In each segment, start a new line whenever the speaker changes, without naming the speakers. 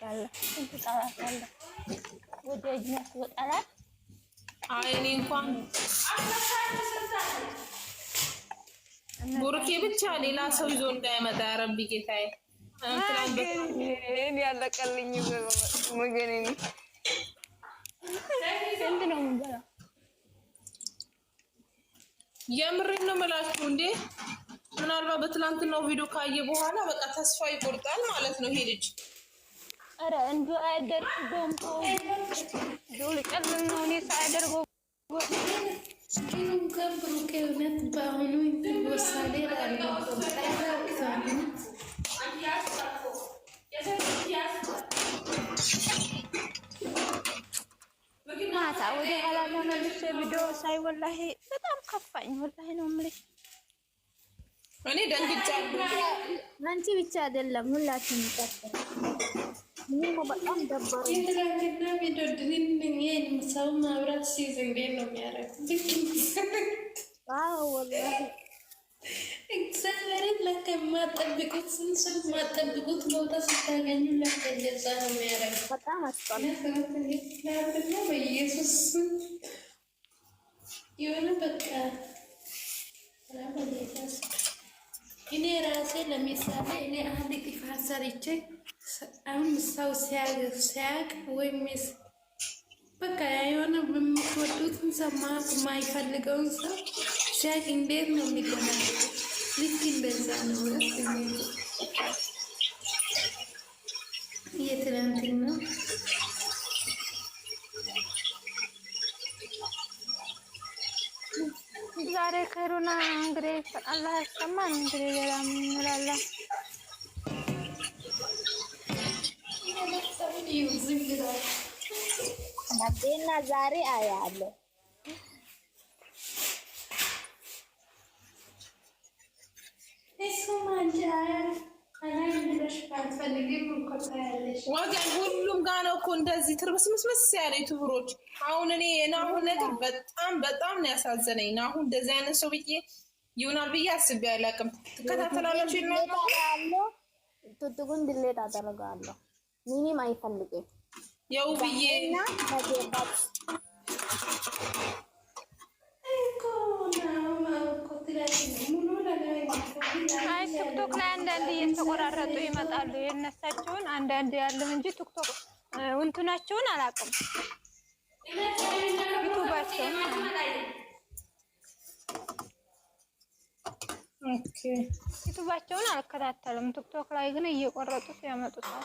ትወዳለህ? ስንት ጠላት አለ ወደ እጅነት ወጣላት።
አይ እኔ እንኳን ቡርኬ ብቻ ሌላ ሰው ይዞ እንዳይመጣ ያረቢ ጌታዬ።
እኔ ያለቀልኝ ወገኔ ስንት ነው የምንበላው?
የምሬን ነው የምላችሁ እንዴ ምናልባት በትናንትናው ቪዲዮ ካየ በኋላ በቃ ተስፋ ይቆርጣል ማለት ነው ይሄ ልጅ።
ኧረ እንደው አያደርገውም። እንደው ልጨልም ነው እኔ ሳያደርገው ማታ ወደ ኋላ ተመልሼ ቪዲዮ ሳይ ወላሂ በጣም ከፋኝ። ወላሂ ነው የምልሽ
እኔ ደንግጫለሁ።
አንቺ ብቻ አይደለም ሁላችንም ይህም በጣም ደባሪ የትናንትና ቪዲዮ ድንንኝ ሰው ማብራት ሲይዝ እንዴት ነው የሚያደርጉት? ወላሂ እግዚአብሔርን ለካ የማጠብቁት ስንስል የማጠብቁት ቦታ ስታገኙ ለካ እንደዛ ነው የሚያደርጉት። በጣም አስጠላትና በኢየሱስ የሆነ በቃ እኔ ራሴ ለምሳሌ እኔ አንድ ጥፋት ሰርቼ አሁን ሰው ሲያቅ ወይም በቃ የሆነ የምትወዱትን ሰው የማይፈልገውን ሰው ሲያቅ እንዴት ነው የሚገናኝ? ልክ እንደዛ ነው። የትናንትና ነው ዛሬ ከሩና እንግዲህ አላህ ያሰማን። እንግዲህ ሌላ ምን ነገና ዛሬ አያለ
ወገን ሁሉም ጋ ነው እኮ እንደዚህ ትርምስምስምስ ያለ ዩቱበሮች። አሁን እኔ ናሁን ነገር በጣም በጣም ነው ያሳዘነኝ። ናሁን እንደዚህ አይነት ሰው ብዬ ይሆናል ብዬ አስቤ አላውቅም። ትከታተላለች
ቱቱጉን ድሌት አደርጋለሁ ሚኒም አይፈልግም።
የውብዬ አይ ቲክቶክ
ላይ አንዳንድ እየተቆራረጡ ይመጣሉ። የነሳቸውን አንዳንድ ያለው እንጂ ቲክቶክ እንትናቸውን አላውቅም። ዩቱባቸውን አልከታተልም። ቲክቶክ ላይ ግን እየቆረጡ ያመጡታል።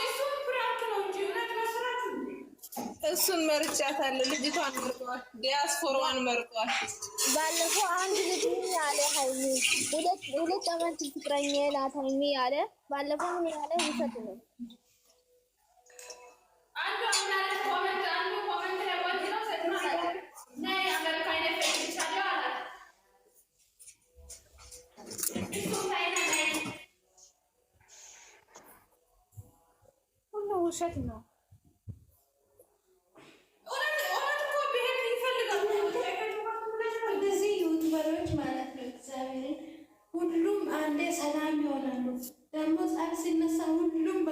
እሱን መርጫታለሁ። ልጅቷን መርጧል፣ ዲያስፖራዋን መርጧል።
ባለፈው አንድ ልጅ ምን ያለ ሀይሚ ሁለት አመት ፍቅረኛ ናት ሀይሚ ያለ ባለፈው ምን ያለ ውሰት ነው ሁሉ ውሸት ነው።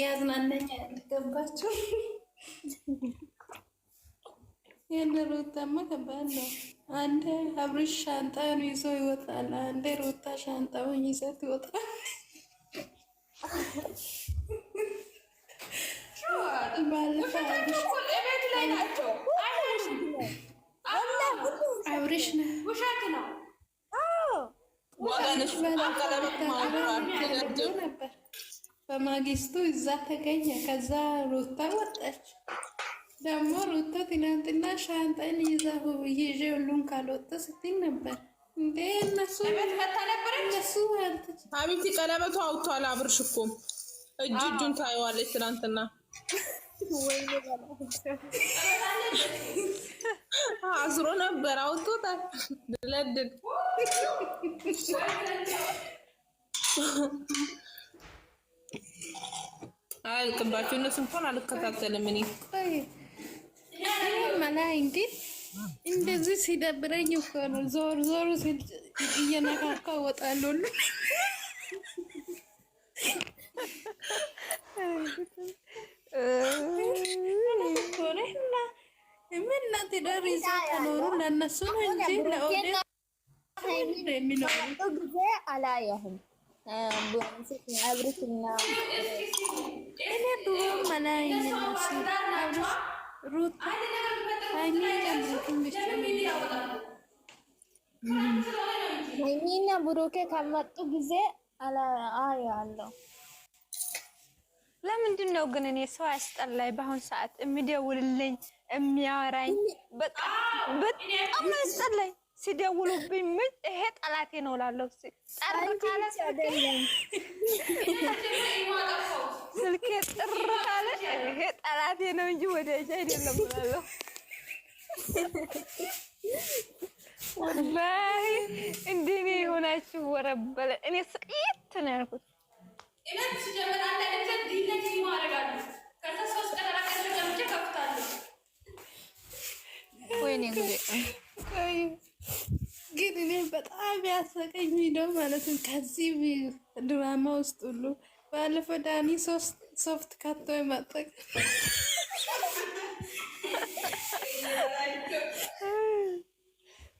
ያዝናነኛ ያልገባቸው የእነ ሮታማ ከባድ ነው። አንዴ አብርሽ ሻንጣን ይዞ ይወጣል፣ አንዴ ሮታ ሻንጣውን ይዘት ይወጣል። ነበር። በማግስቱ እዛ ተገኘ። ከዛ ሩታ ወጣች። ደግሞ ሩታ ትናንትና ሻንጣን ይዛ ይዤ ሁሉን ካልወጣ ስትል ነበር። እንዴ እነሱ እነሱ
ሀቢቲ ቀለበቱ አውጥቷል። አብርሽ እኮ እጅ እጁን ታየዋለች ትናንትና አስሮ ነበር አውጥቶታል። ድለድል አልቅባቸው እነሱ እንኳን አልከታተልም። እኔ
መላ እንግዲህ እንደዚህ ሲደብረኝ እኮ ነው ዞር ዞር እየነካካ እወጣለሁ። ምን ትዳር እንጂ ለኦዴ የሚኖሩ ጊዜ አላየህም ሀይሚና ብሩኬ ከመጡ ጊዜ አያለሁ። ለምንድን ነው ግን እኔ ሰው ያስጠላኝ? በአሁን ሰዓት የሚደውልልኝ የሚያወራኝ በጣም ያስጠላኝ። ሲደውሉብኝ ምን ጠላቴ ነው እላለሁ። ስልኬ ጥር ካለ ይሄ ጠላቴ ነው እንጂ ወዳጅ አይደለም ላለው። ወላሂ እንዲህ እኔ የሆናችሁ ወረበለ እኔ ስቅይት ነው ያልኩት። ወይኔ እንግዲህ ግን እኔ በጣም ያሳቀኝ ቪዲዮ ማለት ነው ከዚህ ድራማ ውስጥ ሁሉ ባለፈው ዳኒ ሶፍት ከቶ የማጠቅ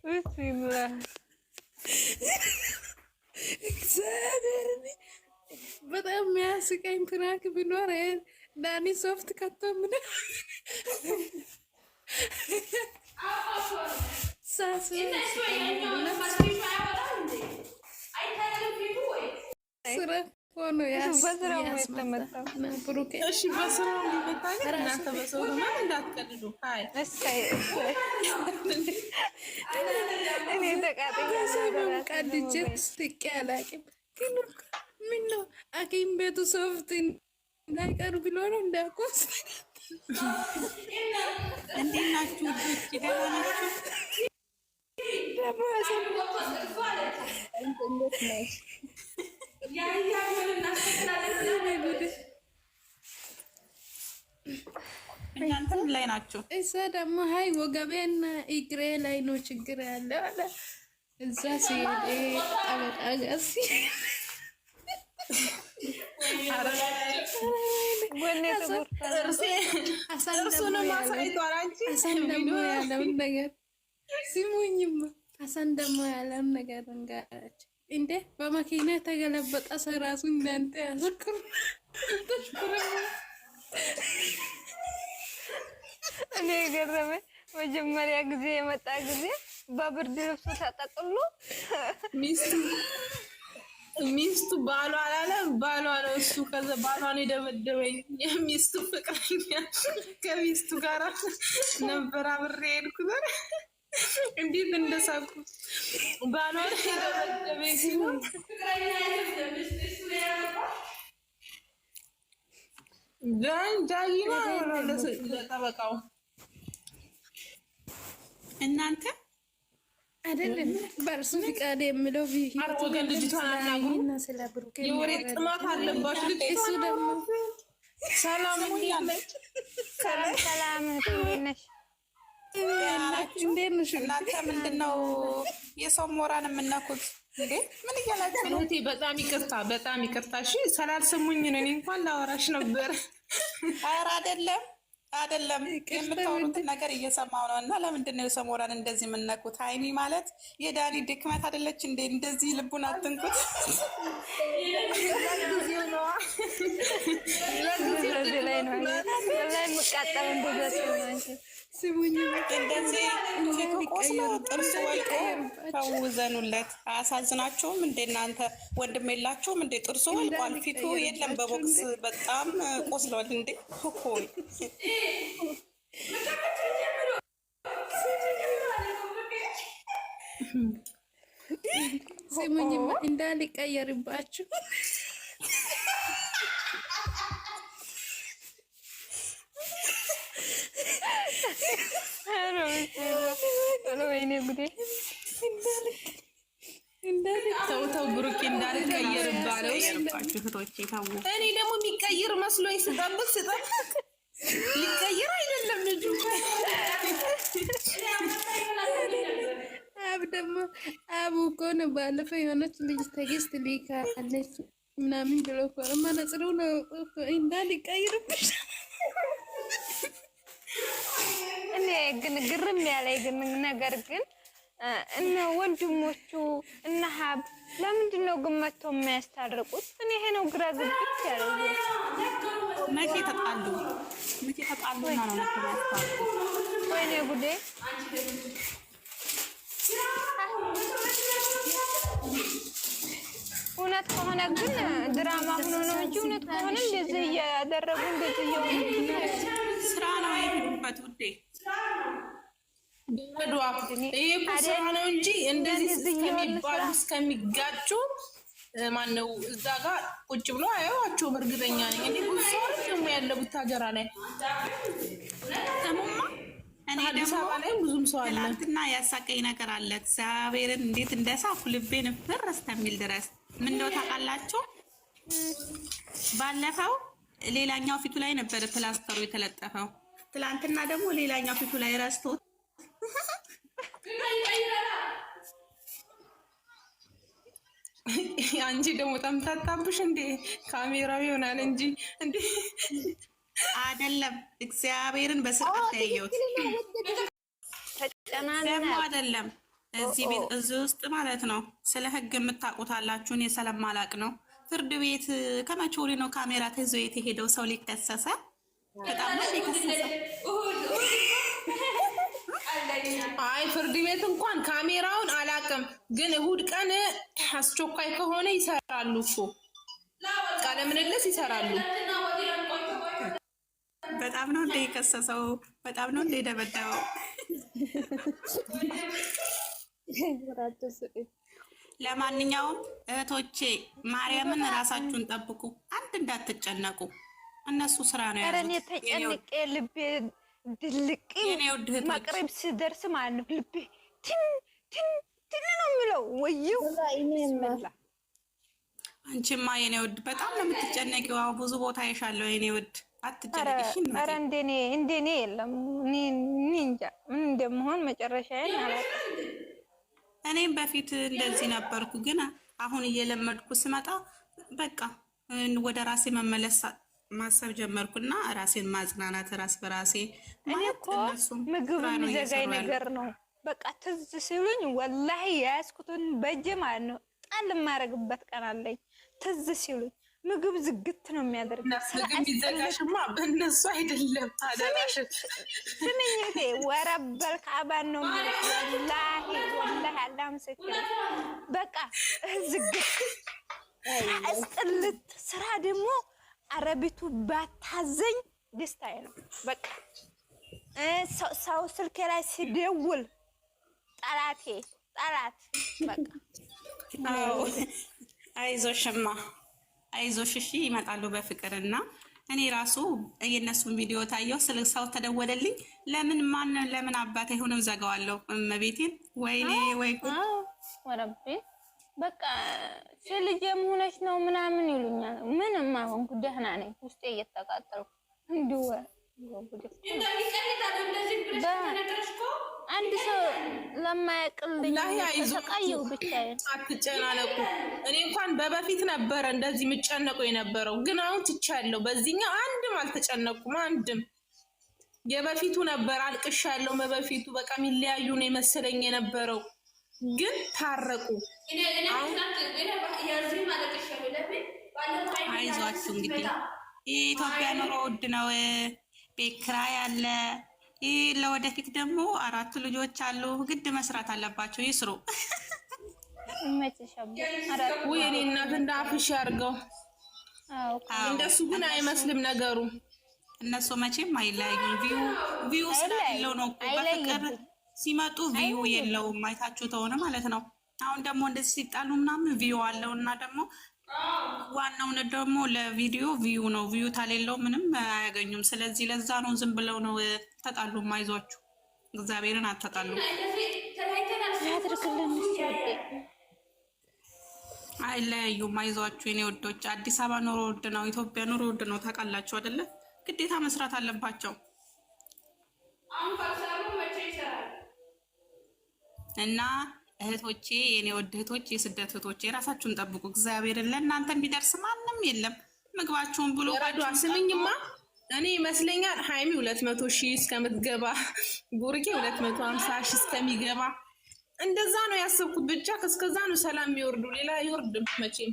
ብስሚላ እግዚአብሔር በጣም የሚያስቀኝ ትራክ ቢኖር ዳኒ ሶፍት ከቶ ምን ምነው አኪም ቤቱ ሶፍት እንዳይቀሩ ብሎ ነው እንዳያቆስ እንዴት ናችሁ?
እናንተም ላይ ናቸው።
እዛ ደግሞ ሀይ ወገቤና እግሬ ላይ ነው ችግር ያለው አለ። እዛ ሲሄድ ጠበቃ ጋር አሳይቷል። ያለውን ነገር ሲሙኝም ሀሳን ደግሞ ያለም ነገር እንጋራች እንዴ በመኪና የተገለበጠ ሰው ራሱ እንዳንተ ያዘክሩ እኔ ገረመ መጀመሪያ ጊዜ የመጣ ጊዜ በብርድ ልብሱ ተጠቅሎ ሚስቱ ሚስቱ ባሏ አላለም ባሏ ነው እሱ። ከዛ ባሏን የደበደበኝ የሚስቱ ፍቅረኛ ከሚስቱ ጋር ነበር አብሬ ሄድኩ። እንዴት እንደሳቁ ባሏ ዳጊና ለጠበቃው እናንተ አይደለም በእርሱ ፍቃድ የምለው
ወገን ልጅቷን አናግሩና ስለ ብሩክ የወሬ ጥማት አለባችሁ። እሱ ደግሞ ሰላም
ሰላም፣ ነሽ?
እናንተ ምንድን ነው የሰው ሞራን የምነኩት? ምን እያላችሁ ነው? በጣም ይቅርታ፣ በጣም ይቅርታ። እሺ ስላልሰሙኝ ነው። እኔ እንኳን ላወራሽ ነበር። ኧረ አይደለም አይደለም የምታወሩትን ነገር እየሰማው ነው። እና ለምንድን ነው የሰው ሞራን እንደዚህ የምነኩት? ሀይሚ ማለት የዳኒ ድክመት አይደለች እንዴ? እንደዚህ ልቡን አትንኩት። ጊዜ ላይ ነው ላይ የምቃጠል እንደዛ ስሙኝ እንደዚህ ቆስሎ ጥርሱ ተውዘኑለት። አያሳዝናችሁም እንዴ እናንተ? ወንድም የላችሁም እንዴ? ጥርሱ ወልቋል፣ ፊቱ የለም፣ በቦክስ በጣም ቆስሏል። እንዴ ሆይ
ስሙኝማ እንዳልቀየርባችሁ ወይኔ ጉዴ!
ተው ተው፣ ብሩኬ እንዳልቀይርብህ አለው። ይባችሁ
እህቶቼ እኔ ደግሞ የሚቀይር መስሎኝ ስጠብቅ ስጠብቅ ሊቀይር አይደለም ልጁ። አብ ደግሞ አቡ እኮ ነው ባለፈው የሆነች ልጅ ትዕግስት ልካለች ምናምን ብሎ እኮ ነው ማነጽሩን ግን ግርም ያለኝ ግን ነገር ግን እነ ወንድሞቹ እነ ሀብ ለምንድን ነው ግን መጥቶ የማያስታርቁት? እኔ ይሄ ነው ግራ ግብት ያለው።
መቼ ተጣሉ? መቼ ተጣሉ?
ወይኔ ጉዴ! እውነት ከሆነ ግን ድራማ ሆኖ ነው እንጂ እውነት ከሆነ እንደዚህ እያደረጉ እንደዚህ እየሆኑ
ስራ ነው የሄዱበት ውዴ ይሄ እኮ ስራ ነው እንጂ እንደዚህ እስከሚባሉ እስከሚጋጩ ማነው እዛ ጋር ቁጭ ብሎ አያዋቸውም። እርግጠኛ ነኝ እኔ ብዙ ደግሞ ያለቡት ሀገራ ላይ ሙማ እኔ ደግሞ ብዙም ሰው አለ። ትናንትና ያሳቀኝ ነገር አለ። እግዚአብሔርን እንዴት እንደሳኩ ልቤን ፍር እስከሚል ድረስ ምን ነው ታውቃላችሁ፣ ባለፈው ሌላኛው ፊቱ ላይ ነበር ፕላስተሩ የተለጠፈው
ትላንትና ደግሞ ሌላኛው ፊቱ ላይ ረስቶት አንቺ ደግሞ ጠምታታብሽ እንዴ? ካሜራው ይሆናል እንጂ እንዴ
አይደለም። እግዚአብሔርን በስርዓት ያየሁት ደግሞ አይደለም። እዚህ ቤት እዚህ ውስጥ ማለት ነው። ስለ ህግ የምታውቁታላችሁን የሰለም ማላቅ ነው። ፍርድ ቤት ከመቼ ወዲህ ነው ካሜራ ተይዞ የተሄደው ሰው ሊከሰሰ አይ ፍርድ ቤት እንኳን ካሜራውን አላቅም፣ ግን እሁድ ቀን አስቸኳይ ከሆነ ይሰራሉ እኮ ቃለ ምልልስ ይሰራሉ። በጣም ነው እንደ የከሰሰው፣ በጣም ነው እንደ የደበደበው። ለማንኛውም እህቶቼ ማርያምን ራሳችሁን ጠብቁ፣ አንድ እንዳትጨነቁ። እነሱ ስራ ነው
ያሉት። እኔ ተጨንቄ ልቤ ድልቅ መቅረብ ሲደርስ ማለት ነው ልቤ ትን ትን ትን ነው የሚለው። ወይው
አንቺማ የኔ ውድ በጣም ነው የምትጨነቂው። አሁን ብዙ ቦታ ይሻለው የኔ ውድ አትጨነቂሽ።
ኧረ እንደኔ እንደኔ የለም። እኔ እንጃ ምን እንደምሆን መጨረሻዬን አላውቅም።
እኔም በፊት እንደዚህ ነበርኩ፣ ግን አሁን እየለመድኩ ስመጣ በቃ ወደ ራሴ መመለስ ማሰብ ጀመርኩና ራሴን ማጽናናት ራስ በራሴ
እኔ እኮ ምግብ የሚዘጋኝ ነገር ነው። በቃ ትዝ ሲሉኝ ወላሂ የያዝኩትን በእጄ ማለት ነው ጣል የማደርግበት ቀን አለኝ። ትዝ ሲሉኝ ምግብ ዝግት ነው የሚያደርግ።
ሚዘጋሽማ በእነሱ አይደለም።
ስምኝቴ ወረበል ከአባን ነው ወላሂ ወላሂ አላምስት በቃ ዝግት እስጥልት ስራ ደግሞ አረቢቱ ባታዘኝ ደስታዬ ነው። በቃ ሰው ስልኬ ላይ ሲደውል ጠላቴ ጠላት በቃ
አይዞሽማ አይዞሽ፣ እሺ ይመጣሉ በፍቅርና እኔ ራሱ የእነሱን ቪዲዮ ታየው ስለ ሰው ተደወለልኝ። ለምን ማን ለምን አባት አይሆንም? ዘጋዋለሁ እመቤቴን። ወይኔ ወይ
በቃ ሴልጄ መሆነች ነው ምናምን ይሉኛል። ምንም ደህና ነኝ። ውስጤ አንድ ሰው ለማያቅልኝ
ብቻዬን። አትጨናነቁ። እኔ እንኳን በበፊት ነበረ እንደዚህ የምጨነቁ የነበረው ግን አሁን ትቻለሁ። በዚህኛው አንድም አልተጨነቁም። አንድም የበፊቱ ነበር አልቅሻለሁ። በበፊቱ በቃ የሚለያዩ ነው የመሰለኝ የነበረው ግን ታረቁ። አይዟችሁ እንግዲህ የኢትዮጵያ ኑሮ ውድ ነው። ቤት ኪራይ አለ። ለወደፊት ደግሞ አራቱ ልጆች አሉ። ግድ መስራት አለባቸው። ይስሩ። ውይ እኔ እናት እንደ አፍሽ ያድርገው። እንደሱ ግን አይመስልም ነገሩ። እነሱ መቼም አይለያዩም። ቪው ስለሌለው ነው በፍቅር ሲመጡ ቪዩ የለውም። አይታችሁ ተሆነ ማለት ነው። አሁን ደግሞ እንደዚህ ሲጣሉ ምናምን ቪዩ አለው እና ደግሞ ዋናውነ ደግሞ ለቪዲዮ ቪዩ ነው። ቪዩ ታሌለው ምንም አያገኙም። ስለዚህ ለዛ ነው ዝም ብለው ነው ተጣሉ። አይዟችሁ እግዚአብሔርን አተጣሉ። አይለያዩም። አይዟችሁ የኔ ወዶች። አዲስ አበባ ኑሮ ውድ ነው። ኢትዮጵያ ኑሮ ውድ ነው። ታውቃላችሁ አይደለ? ግዴታ መስራት አለባቸው። እና እህቶቼ የኔ ወድ እህቶች፣ የስደት እህቶቼ የራሳችሁን ጠብቁ። እግዚአብሔርን ለእናንተ የሚደርስ ማንም የለም። ምግባችሁን ብሎ ስምኝማ እኔ ይመስለኛል ሀይሚ ሁለት መቶ ሺህ እስከምትገባ ቡርጌ ሁለት መቶ ሀምሳ ሺህ እስከሚገባ እንደዛ ነው ያሰብኩት። ብቻ እስከዛ ነው ሰላም የሚወርዱ ሌላ ይወርድም መቼም።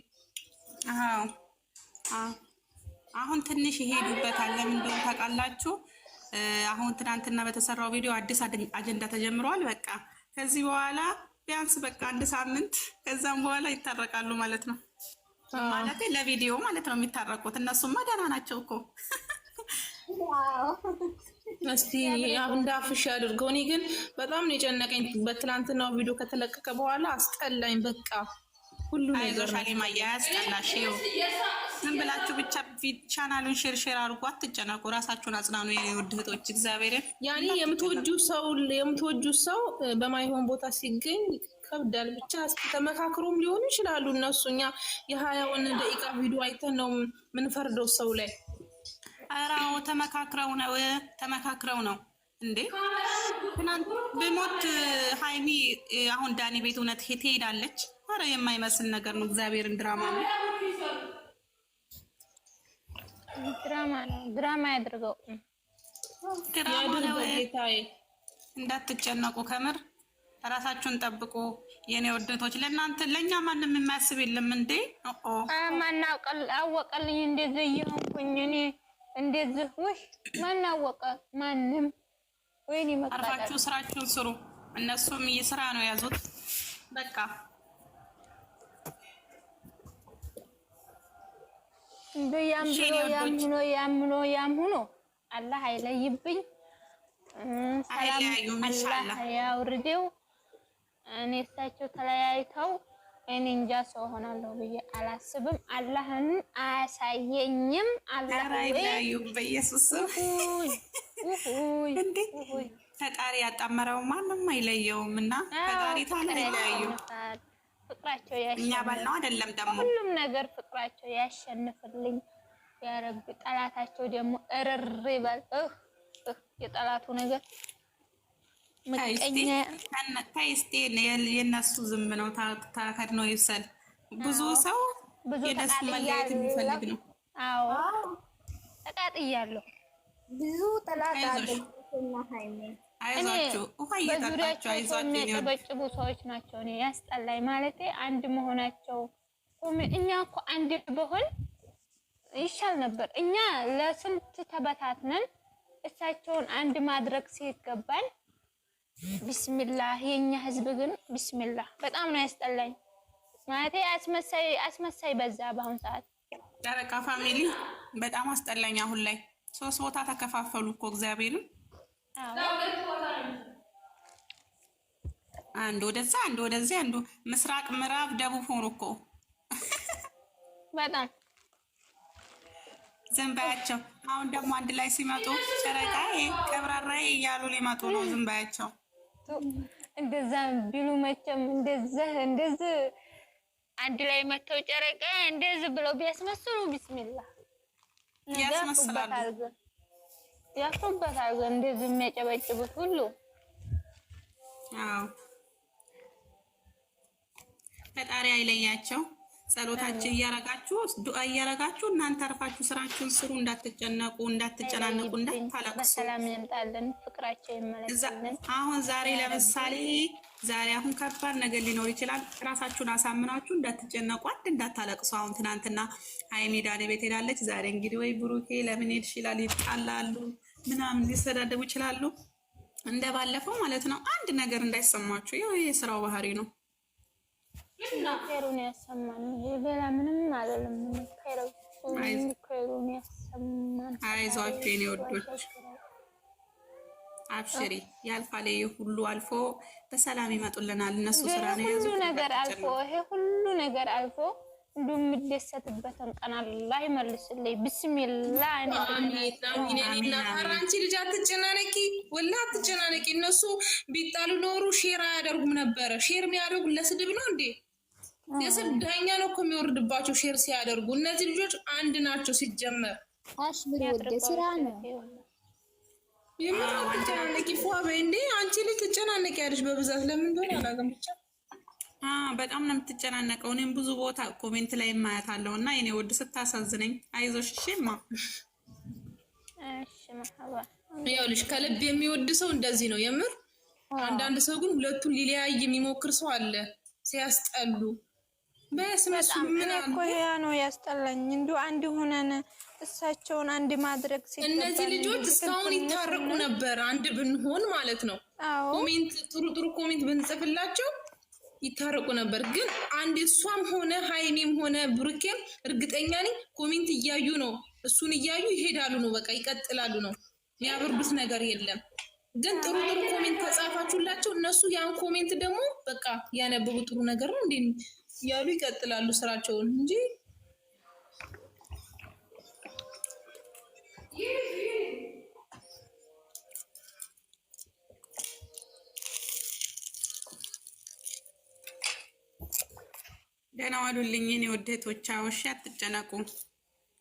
አሁን ትንሽ ይሄዱበታል። ለምን እንደሆነ ታውቃላችሁ? አሁን ትናንትና በተሰራው ቪዲዮ አዲስ አጀንዳ ተጀምሯል። በቃ ከዚህ በኋላ ቢያንስ በቃ አንድ ሳምንት ከዛም በኋላ ይታረቃሉ ማለት ነው። ማለት ለቪዲዮ ማለት ነው የሚታረቁት። እነሱማ ደህና ናቸው እኮ። እስቲ እንዳፍሽ ያድርገው። እኔ ግን በጣም ነው የጨነቀኝ። በትላንትናው ቪዲዮ ከተለቀቀ በኋላ አስጠላኝ። በቃ ሁሉ ነገር አያስጠላሽ ምን ብላችሁ ብቻ ቻናሉን ሼር ሼር አድርጎ አትጨናቁ። ራሳችሁን አጽናኑ የውድ እህቶች። እግዚአብሔርን ያኔ የምትወጁ ሰው የምትወጁ ሰው በማይሆን ቦታ ሲገኝ ከብዳል። ብቻ ተመካክሮም ሊሆኑ ይችላሉ እነሱ። እኛ የሀያውን ደቂቃ ቪዲዮ አይተን ነው ምንፈርደው ሰው ላይ። አራው ተመካክረው ነው ተመካክረው ነው እንዴ ትናንት በሞት ሀይሚ አሁን ዳኒ ቤት እውነት ትሄዳለች? አረ የማይመስል ነገር ነው። እግዚአብሔርን ድራማ ነው።
ድራማ ነው፣ ድራማ ያድርገው።
ድራማ ነው ድራማ ያድርገው ድራማ እንዳትጨነቁ ከምር ራሳችሁን ጠብቁ የኔ ወደቶች። ለእናንተ ለእኛ ማንም የሚያስብ የለም እንዴ?
ማናውቀል አወቀልኝ እንደዚህ እየሆንኩኝ እኔ እንደዚህ ውሽ ማናወቀ ማንም። ወይኔ መቃ አርፋችሁ
ስራችሁን ስሩ። እነሱም ይህ ስራ ነው የያዙት። በቃ
እንዶ ያም ብሎ ያም ሆኖ ያም ሆኖ ያም ሆኖ አላህ አይለይብኝ። ሰላም አላህ ያውርደው። እኔ እሳቸው ተለያይተው እኔ እንጃ ሰው ሆናለሁ ብዬ አላስብም። አላህን አያሳየኝም።
አላህ አይለዩ ፈጣሪ ያጣመረው ማንም አይለየውም እና ፈጣሪ ታለ አይለዩ ፍቅራቸው እኛ አይደለም።
ሁሉም ነገር ፍቅራቸው ያሸንፍልኝ። ያረብ ጠላታቸው ደግሞ እርር ይበል። የጠላቱ ነገር
ምቀኛ የእነሱ ዝም ነው ታከድ ነው ይብሰል። ብዙ ሰው ብዙ ተቃጥያለሁ የሚፈልግ ነው። አዎ
ተቃጥያለሁ። ብዙ ጠላት
ሀይሜ አይዟችሁ
የሚያጨበጭቡ ሰዎች ናቸው። እኔ ያስጠላኝ ማለቴ አንድ መሆናቸው። እኛ እኮ አንድ በሆን ይሻል ነበር። እኛ ለስንት ተበታትነን እሳቸውን አንድ ማድረግ ሲገባን ቢስሚላህ። የኛ ህዝብ ግን ቢስሚላህ በጣም ነው ያስጠላኝ። ማለቴ አስመሳይ አስመሳይ በዛ። በአሁን ሰዓት
ጨረቃ ፋሚሊ በጣም አስጠላኝ። አሁን ላይ ሶስት ቦታ ተከፋፈሉ እኮ እግዚአብሔርን አንዱ ወደዛ አንዱ ወደዚህ አንዱ ምስራቅ፣ ምዕራብ፣ ደቡብ ሆኖ እኮ በጣም ዝንባያቸው። አሁን ደግሞ አንድ ላይ ሲመጡ ጨረቃ ቀብራራዬ እያሉ ሊመጡ ነው። ዝንባያቸው
እንደዛ ቢሉ መቼም እንደዚ እንደዚ አንድ ላይ መተው ጨረቃ እንደዚህ ብለው ቢያስመስሉ ቢስሚላ ያስመስላሉ። ያፍሩበታል። ግን እንደዚህ የሚያጨበጭቡት ሁሉ አዎ፣
ፈጣሪ አይለያቸው። ጸሎታችን እያረጋችሁ ዱአ እያረጋችሁ እናንተ አርፋችሁ ስራችሁን ስሩ። እንዳትጨነቁ፣ እንዳትጨናነቁ፣
እንዳታለቅሱ። ሰላም ይምጣልን፣ ፍቅራቸው ይመለስልን።
አሁን ዛሬ ለምሳሌ ዛሬ አሁን ከባድ ነገር ሊኖር ይችላል። ራሳችሁን አሳምናችሁ እንዳትጨነቁ፣ አንድ እንዳታለቅሱ። አሁን ትናንትና ሀይሚ ዳኔ ቤት ሄዳለች። ዛሬ እንግዲህ ወይ ብሩኬ ለምን ሄድሽ ይላል፣ ይጣላሉ፣ ምናምን ሊሰዳደቡ ይችላሉ። እንደ ባለፈው ማለት ነው። አንድ ነገር እንዳይሰማችሁ፣ ያው የስራው ባህሪ ነው።
ሩን ያሰማን፣ ሌላ ምንም አይደለም። ሩን
ያሰማን። አይዟችሁ የኔ ወዶች አብሽሪ ያልፋል። ይሄ ሁሉ አልፎ በሰላም ይመጡልናል። እነሱ ስራ ነው
ሁሉ ነገር አልፎ ይሄ ሁሉ ነገር አልፎ እንዲሁ የምደሰትበትን ቀን አላህ ይመልስልኝ። ብስሚላ አንቺ
ልጅ አትጨናነቂ፣ ወላ አትጨናነቂ። እነሱ ቢጣሉ ኖሩ ሼር አያደርጉም ነበረ። ሼር የሚያደርጉ ለስድብ ነው እንዴ? የስብ ዳኛ ነው እኮ የሚወርድባቸው ሼር ሲያደርጉ። እነዚህ ልጆች አንድ ናቸው ሲጀመር። ስራ ነው የምር አትጨናነቂ ፏ በይ እንዴ አንቺ ልጅ ትጨናነቂያለሽ በብዛት ለምን እንደሆነ አላውቅም ብቻ በጣም ነው የምትጨናነቀው እኔም ብዙ ቦታ ኮሜንት ላይ የማያታለው እና የኔ ውድ ስታሳዝነኝ አይዞሽ እሺማ ይኸውልሽ ከልብ የሚወድ ሰው እንደዚህ ነው የምር አንዳንድ ሰው ግን ሁለቱን ሊለያይ የሚሞክር ሰው አለ ሲያስጠሉ
ምን እኮ ያ ነው ያስጠላኝ። እንዱ አንድ ሆነን እሳቸውን አንድ ማድረግ
እነዚህ ልጆች እስካሁን ይታረቁ ነበር፣ አንድ ብንሆን ማለት ነው። ኮሜንት ጥሩ ጥሩ ኮሜንት ብንጽፍላቸው ይታረቁ ነበር። ግን አንድ እሷም ሆነ ሀይሜም ሆነ ብሩኬም እርግጠኛ ነኝ ኮሜንት እያዩ ነው፣ እሱን እያዩ ይሄዳሉ ነው፣ በቃ ይቀጥላሉ ነው። የሚያበርዱት ነገር የለም። ግን ጥሩ ጥሩ ኮሜንት ተጻፋችሁላቸው፣ እነሱ ያን ኮሜንት ደግሞ በቃ ያነበቡ ጥሩ ነገር ነው እንዴ እያሉ ይቀጥላሉ ስራቸውን እንጂ ደህና ዋሉልኝ የኔ ውዴቶች። አውሽ አትጨነቁ።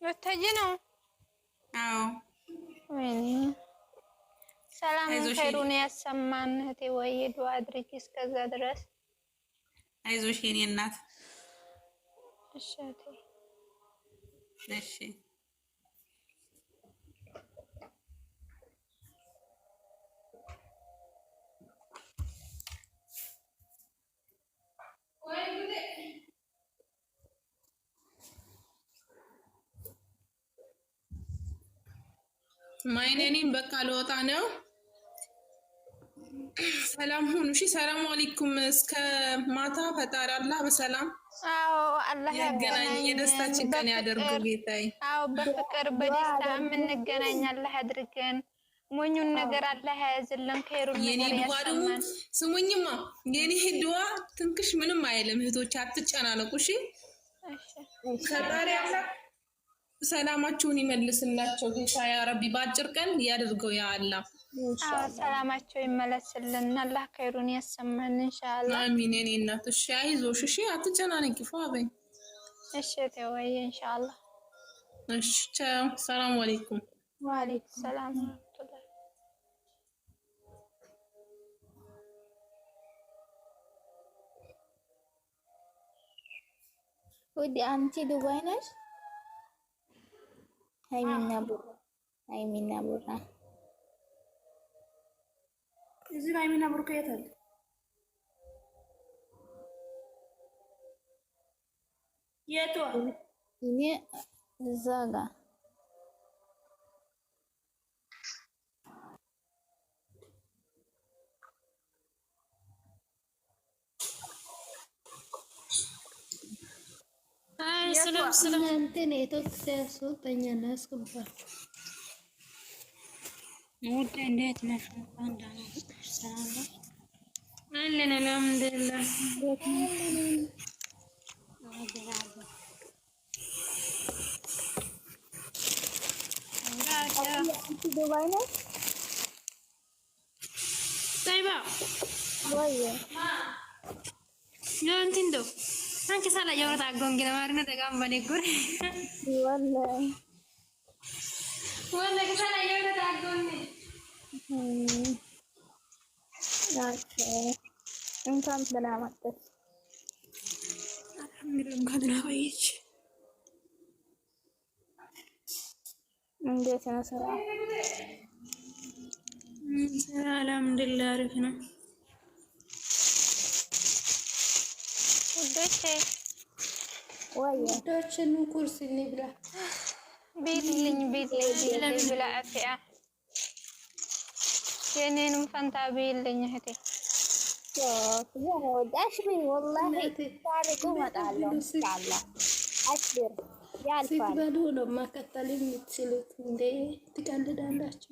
ወታጅ ነው። አዎ ሰላም ከይሩን ያሰማን። እህቴ ወይ ዱዓ አድርጊ እስከዛ ድረስ
አይዞሽ የኔ እናት። እሺ ማይነኔም በቃ ልወጣ ነው። ሰላም ሁኑ። እሺ፣ ሰላም አለይኩም። እስከ ማታ ፈጣሪ አላህ በሰላም
አዎ፣ አላህ
ያገናኝ፣ የደስታችን ቀን ያደርጉ ጌታይ።
አዎ፣ በፍቅር በደስታ የምንገናኝ አላህ አድርገን። ሞኙን ነገር አላህ ያዝልን፣ ከይሩን
ነገር ያሰማን። ስሙኝማ፣ የኔ ድዋ ትንክሽ ምንም አይልም። እህቶች አትጨናነቁ፣ እሺ። ፈጣሪ አላህ ሰላማችሁን ይመልስላቸው ጌታ ያ ረቢ፣ በአጭር ቀን ያድርገው ያ አላህ
ሰላማቸው ይመለስልን። አላህ ከይሩን ያሰማን ኢንሻአላህ።
አሚን። እኔ እናት እሺ፣ አይዞሽ። እሺ፣ አትጨናነቂ። ፏበኝ።
እሺ፣ ተወይ ኢንሻአላህ።
እሺ፣ ቻው። ሰላም አለይኩም።
ወአለይኩም ሰላም ውድ አንቲ ዱባይ ነሽ? ሀይሚና ቡራ ሀይሚና ቡራ
እዚህ ላይ ሀይሚና ብሩክ የት አለ? የቱ
እኔ እዛ ጋር ስለምስለምንትን የተወቅሰሱ በእኛ ነው ውድ እንዴት ነሽ? እንኳን ደህና አለን አልሐምዱሊላህ።
ዱባይ ነው። ጠይባ ወይ እንትን እንደው አንቺ ሳላየሁት አጎንግ ነው ማለት ደጋም በኔ ጉድ ወላሂ ወላሂ ሳላየሁት አጎንግ
እንኳን ደህና መጣሽ።
አልሐምዱሊላህ
እንዴት ነው ስራ? ስራ አልሐምዱሊላህ አሪፍ ነው። ውዶቼ ወይ ኑ ቁርስ እንብላ። ቤት ልኝ ቤት ልኝ ብላ አፍያ የኔንም ፈንታ ብይልኝ እህቴ። ወዳሽ ነው መቀጠል የምትችሉት። እንዴ ትቀልዳላችሁ?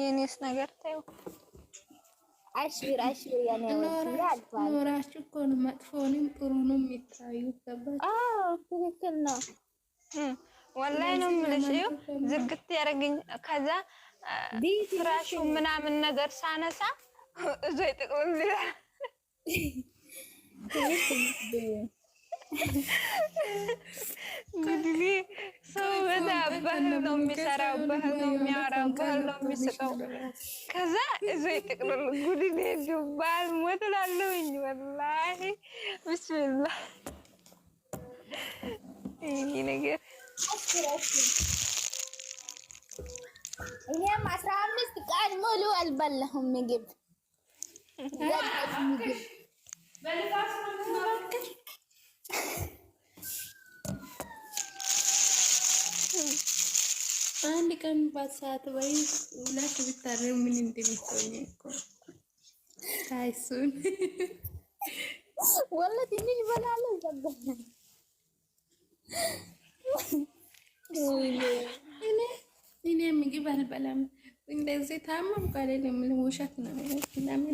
የኔስ ነገር ተይው። ኖራችሁ እኮ ነው መጥፎንም ጥሩንም የሚታዩ። ትክክል ነው። ወላሂ ነው የምልሽ። እዩ ዝግት ያደረገኝ ከዛ ፍራሹ ምናምን ነገር ሳነሳ እዞ ይጥቅም ይላል። ሰው በጣም ባህል ነው የሚሰራው፣ ባህል ነው የሚያወራው፣ ባህል ነው የሚሰጠው። ከዛ እዞ ይጥቅልል ጉድን ሄዱ ባህል ሞት ላለውኝ ወላሂ ብስሚላ ይህ ነገር ይሄም አስራ አምስት ቀን ሙሉ አልበላሁም ምግብ አንድ ቀን ባትሰዓት ወይ ሁለት ብታረው ምን እንደሚሆን እኮ ታይሱን ወላሂ ምን ይበላል ዘበና እኔ ምግብ አልበላም። እንደዚህ ታመምኩ አይደለም፣ ውሸት ነው።